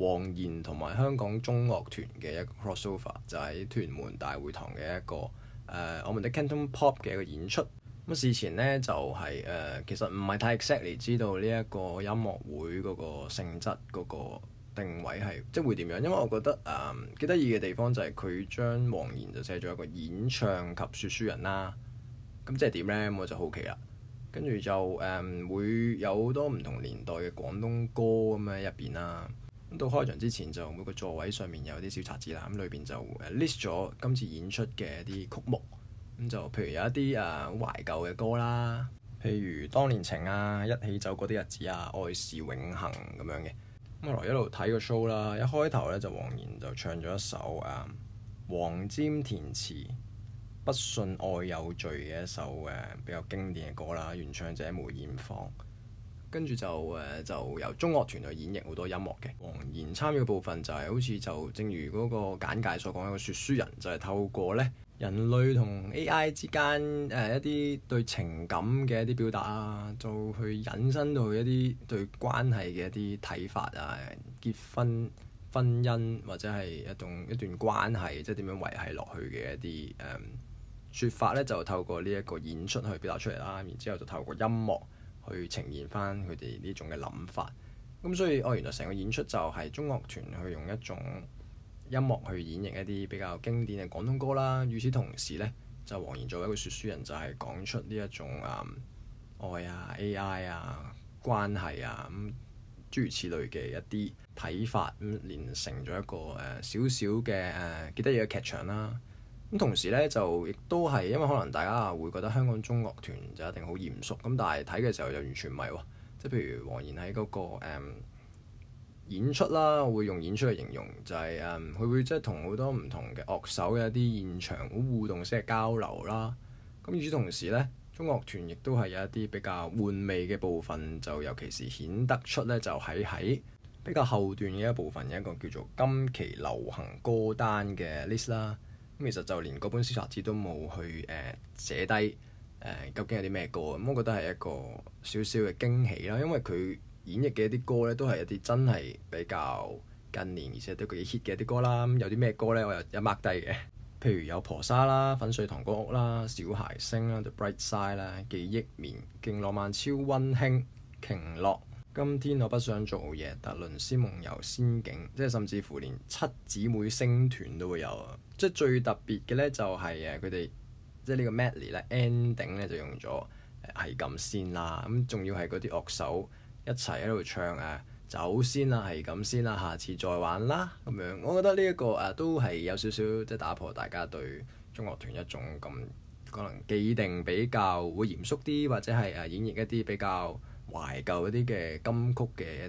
黃妍同埋香港中樂團嘅一個 crossover，就喺屯門大會堂嘅一個誒、呃，我們的 Cantopop 嘅一個演出。咁事前呢，就係、是、誒、呃，其實唔係太 exactly 知道呢一個音樂會嗰個性質、嗰、嗰個定位係即係會點樣，因為我覺得誒幾得意嘅地方就係佢將黃妍就寫咗一個演唱及説書人啦。咁即係點呢？我就好奇啦。跟住就誒、呃、會有好多唔同年代嘅廣東歌咁喺入邊啦。到開場之前就每個座位上面有啲小冊子啦，咁裏邊就 list 咗今次演出嘅啲曲目，咁就譬如有一啲誒、啊、懷舊嘅歌啦，譬如《當年情》啊，《一起走過啲日子》啊，《愛是永恆》咁樣嘅。咁我嚟一路睇個 show 啦，一開頭呢，就黃妍就唱咗一首誒、啊、黃霑填詞、不信愛有罪嘅一首誒、啊、比較經典嘅歌啦，原唱者梅艷芳。跟住就誒就由中樂團去演繹好多音樂嘅。黃妍參與嘅部分就係好似就正如嗰個簡介所講，一個說書人就係透過咧人類同 AI 之間誒、呃、一啲對情感嘅一啲表達啊，就去引申到一啲對關係嘅一啲睇法啊，結婚、婚姻或者係一種一段關係，即係點樣維係落去嘅一啲誒、嗯、說法呢就透過呢一個演出去表達出嚟啦。然之後就透過音樂。去呈現翻佢哋呢種嘅諗法，咁所以我、哦、原來成個演出就係中樂團去用一種音樂去演繹一啲比較經典嘅廣東歌啦。與此同時呢，就黃妍作為一個說書人，就係講出呢一種啊、嗯、愛啊 AI 啊關係啊咁諸如此類嘅一啲睇法，咁、嗯、連成咗一個誒少少嘅誒幾得意嘅劇場啦。咁同時咧，就亦都係因為可能大家會覺得香港中樂團就一定好嚴肅咁，但係睇嘅時候就完全唔係喎。即係譬如黃妍喺嗰個、嗯、演出啦，我會用演出嚟形容，就係、是、佢、嗯、會即係同好多唔同嘅樂手有一啲現場好互動式嘅交流啦。咁與此同時呢，中樂團亦都係有一啲比較玩味嘅部分，就尤其是顯得出呢，就喺喺比較後段嘅一部分有一個叫做今期流行歌單嘅 list 啦。咁其實就連嗰本小冊子都冇去誒寫低誒、呃、究竟有啲咩歌，咁我覺得係一個少少嘅驚喜啦，因為佢演繹嘅一啲歌咧都係一啲真係比較近年而且都幾 hit 嘅一啲歌啦。咁有啲咩歌咧，我又有 mark 低嘅，譬如有《婆沙》啦，《粉碎糖果屋》啦，《小孩聲》啦，《The Bright Side》啦，《記憶棉》、勁浪漫超溫馨《鯨落》。今天我不想做嘢，特倫斯夢遊仙境，即係甚至乎連七姊妹星團都會有，即係最特別嘅呢，就係誒佢哋即係呢個 medley ending 咧就用咗係咁先啦，咁仲要係嗰啲樂手一齊喺度唱誒、啊、走先啦，係咁先啦，下次再玩啦咁樣。我覺得呢、這、一個誒、啊、都係有少少即係打破大家對中樂團一種咁可能既定比較會嚴肅啲或者係誒、啊、演繹一啲比較。懷舊嗰啲嘅金曲嘅一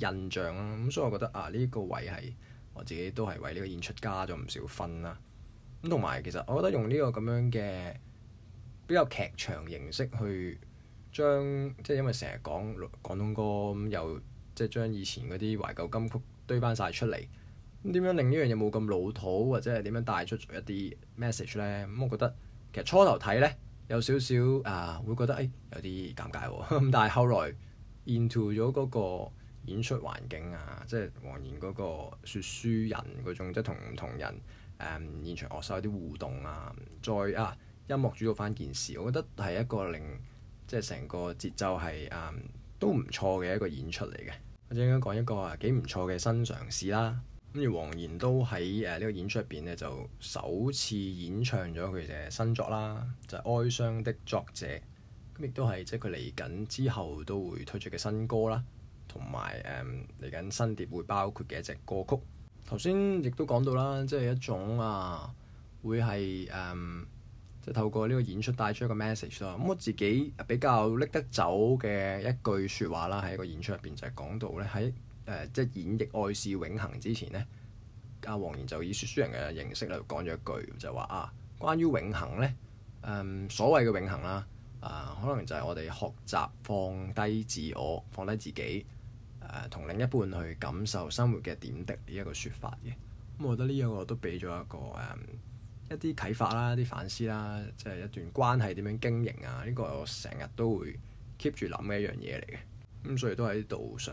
啲印象啦，咁所以我覺得啊呢個位係我自己都係為呢個演出加咗唔少分啦。咁同埋其實我覺得用呢個咁樣嘅比較劇場形式去將即係因為成日講廣東歌咁，又、嗯、即係將以前嗰啲懷舊金曲堆翻晒出嚟，咁點樣令呢樣嘢冇咁老土，或者係點樣帶出一啲 message 咧？咁我覺得其實初頭睇咧。有少少啊，會覺得誒、哎、有啲尷尬咁、啊，但係後來 into 咗嗰個演出環境啊，即係黃妍嗰個說書人嗰種，即係同唔同人誒、啊、現場樂手有啲互動啊，再啊音樂主導翻件事，我覺得係一個令即係成個節奏係誒、啊、都唔錯嘅一個演出嚟嘅，或者應該講一個啊幾唔錯嘅新嘗試啦。咁而黃妍都喺誒呢個演出入邊咧，就首次演唱咗佢嘅新作啦，就係、是《哀傷的作者》。咁亦都係即係佢嚟緊之後都會推出嘅新歌啦，同埋誒嚟緊新碟會包括嘅一隻歌曲。頭先亦都講到啦，即、就、係、是、一種啊，會係誒即係透過呢個演出帶出一個 message 啦、嗯。咁我自己比較拎得走嘅一句説話啦，喺個演出入邊就係講到咧喺。哎誒、呃，即係演繹愛是永恆之前呢，阿、啊、黃妍就以説書人嘅形式嚟講咗一句，就話啊，關於永恆呢，誒、嗯、所謂嘅永恆啦、啊，啊可能就係我哋學習放低自我，放低自己、啊，同另一半去感受生活嘅點滴呢一個説法嘅。咁、嗯、我覺得呢兩個我都俾咗一個誒、嗯、一啲啟發啦，啲反思啦，即、就、係、是、一段關係點樣經營啊？呢、這個成日都會 keep 住諗嘅一樣嘢嚟嘅。咁、嗯、所以都喺度想。